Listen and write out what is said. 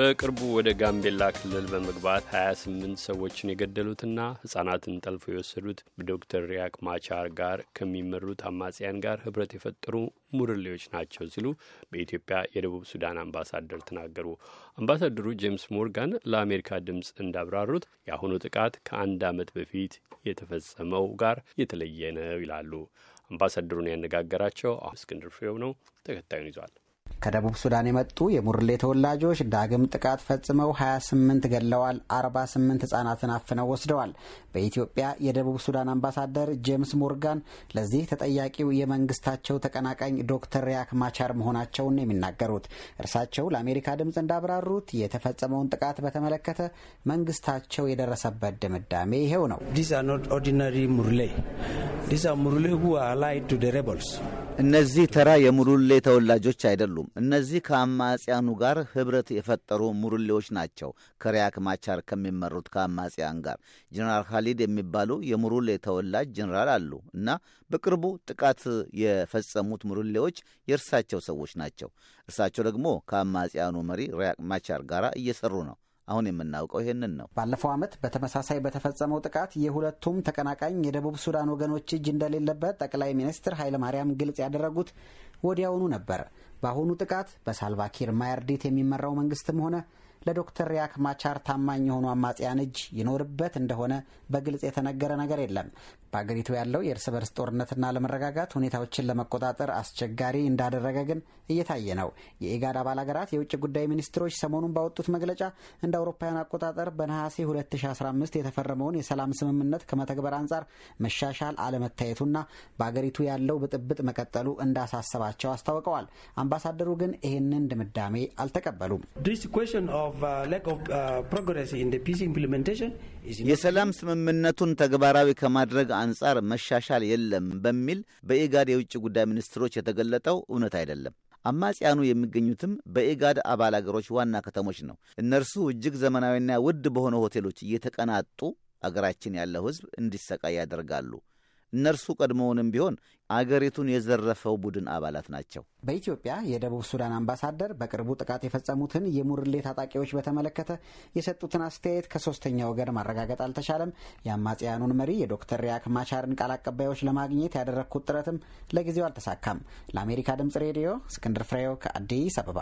በቅርቡ ወደ ጋምቤላ ክልል በመግባት 28 ሰዎችን የገደሉትና ሕጻናትን ጠልፎ የወሰዱት በዶክተር ሪያክ ማቻር ጋር ከሚመሩት አማጽያን ጋር ህብረት የፈጠሩ ሙርሌዎች ናቸው ሲሉ በኢትዮጵያ የደቡብ ሱዳን አምባሳደር ተናገሩ። አምባሳደሩ ጄምስ ሞርጋን ለአሜሪካ ድምፅ እንዳብራሩት የአሁኑ ጥቃት ከአንድ ዓመት በፊት የተፈጸመው ጋር የተለየ ነው ይላሉ። አምባሳደሩን ያነጋገራቸው እስክንድር ፍሬው ነው። ተከታዩን ይዟል። ከደቡብ ሱዳን የመጡ የሙርሌ ተወላጆች ዳግም ጥቃት ፈጽመው 28 ገለዋል 48 ህጻናትን አፍነው ወስደዋል። በኢትዮጵያ የደቡብ ሱዳን አምባሳደር ጄምስ ሞርጋን ለዚህ ተጠያቂው የመንግስታቸው ተቀናቃኝ ዶክተር ሪያክ ማቻር መሆናቸውን የሚናገሩት እርሳቸው ለአሜሪካ ድምፅ እንዳብራሩት የተፈጸመውን ጥቃት በተመለከተ መንግስታቸው የደረሰበት ድምዳሜ ይሄው ነው። እነዚህ ተራ የሙሩሌ ተወላጆች አይደሉም። እነዚህ ከአማጽያኑ ጋር ህብረት የፈጠሩ ሙሉሌዎች ናቸው። ከሪያክ ማቻር ከሚመሩት ከአማጽያን ጋር ጀኔራል ካሊድ የሚባሉ የሙሩሌ ተወላጅ ጀኔራል አሉ እና በቅርቡ ጥቃት የፈጸሙት ሙሩሌዎች የእርሳቸው ሰዎች ናቸው። እርሳቸው ደግሞ ከአማጽያኑ መሪ ሪያክ ማቻር ጋር እየሰሩ ነው። አሁን የምናውቀው ይህንን ነው። ባለፈው ዓመት በተመሳሳይ በተፈጸመው ጥቃት የሁለቱም ተቀናቃኝ የደቡብ ሱዳን ወገኖች እጅ እንደሌለበት ጠቅላይ ሚኒስትር ኃይለማርያም ግልጽ ያደረጉት ወዲያውኑ ነበር። በአሁኑ ጥቃት በሳልቫኪር ማያርዲት የሚመራው መንግስትም ሆነ ለዶክተር ሪያክ ማቻር ታማኝ የሆኑ አማጽያን እጅ ይኖርበት እንደሆነ በግልጽ የተነገረ ነገር የለም። በአገሪቱ ያለው የእርስ በርስ ጦርነትና ለመረጋጋት ሁኔታዎችን ለመቆጣጠር አስቸጋሪ እንዳደረገ ግን እየታየ ነው። የኢጋድ አባል ሀገራት የውጭ ጉዳይ ሚኒስትሮች ሰሞኑን ባወጡት መግለጫ እንደ አውሮፓውያን አቆጣጠር በነሐሴ 2015 የተፈረመውን የሰላም ስምምነት ከመተግበር አንጻር መሻሻል አለመታየቱና በአገሪቱ ያለው ብጥብጥ መቀጠሉ እንዳሳሰባቸው አስታውቀዋል። አምባሳደሩ ግን ይህንን ድምዳሜ አልተቀበሉም። Uh, uh, የሰላም ስምምነቱን ተግባራዊ ከማድረግ አንጻር መሻሻል የለም በሚል በኢጋድ የውጭ ጉዳይ ሚኒስትሮች የተገለጠው እውነት አይደለም። አማጽያኑ የሚገኙትም በኢጋድ አባል አገሮች ዋና ከተሞች ነው። እነርሱ እጅግ ዘመናዊና ውድ በሆኑ ሆቴሎች እየተቀናጡ አገራችን ያለው ሕዝብ እንዲሰቃይ ያደርጋሉ። እነርሱ ቀድሞውንም ቢሆን አገሪቱን የዘረፈው ቡድን አባላት ናቸው። በኢትዮጵያ የደቡብ ሱዳን አምባሳደር በቅርቡ ጥቃት የፈጸሙትን የሙርሌ ታጣቂዎች በተመለከተ የሰጡትን አስተያየት ከሶስተኛ ወገን ማረጋገጥ አልተቻለም። የአማጽያኑን መሪ የዶክተር ሪያክ ማቻርን ቃል አቀባዮች ለማግኘት ያደረግኩት ጥረትም ለጊዜው አልተሳካም። ለአሜሪካ ድምጽ ሬዲዮ እስክንድር ፍሬው ከአዲስ አበባ